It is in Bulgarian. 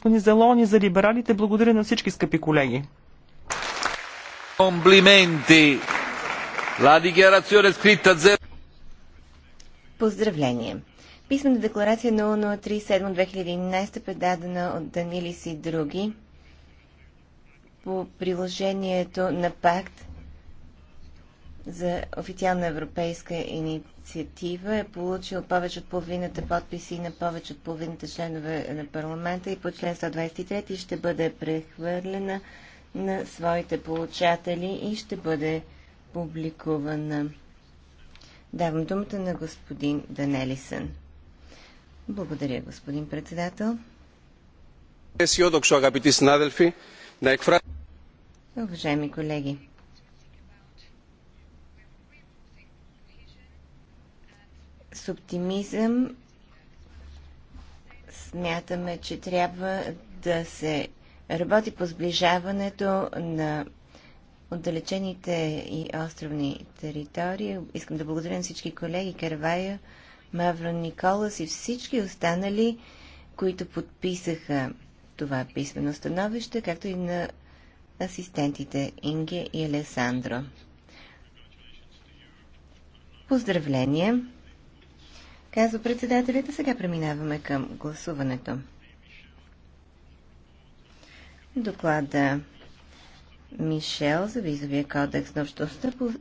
господин Залони за либералите. Благодаря на всички скъпи колеги. Поздравление! Писмена декларация 0037-2011, предадена от Данилис и други по приложението на пакт за официална европейска инициатива е получил повече от половината подписи на повече от половината членове на парламента и по член 123 ще бъде прехвърлена на своите получатели и ще бъде публикувана. Давам думата на господин Данелисън. Благодаря, господин председател. Е Уважаеми колеги, с оптимизъм смятаме, че трябва да се работи по сближаването на отдалечените и островни територии. Искам да благодаря на всички колеги Карвая, Мавро Николас и всички останали, които подписаха това писмено становище, както и на асистентите Инге и Алесандро. Поздравления! казва председателите. Сега преминаваме към гласуването. Доклада Мишел за визовия кодекс на общността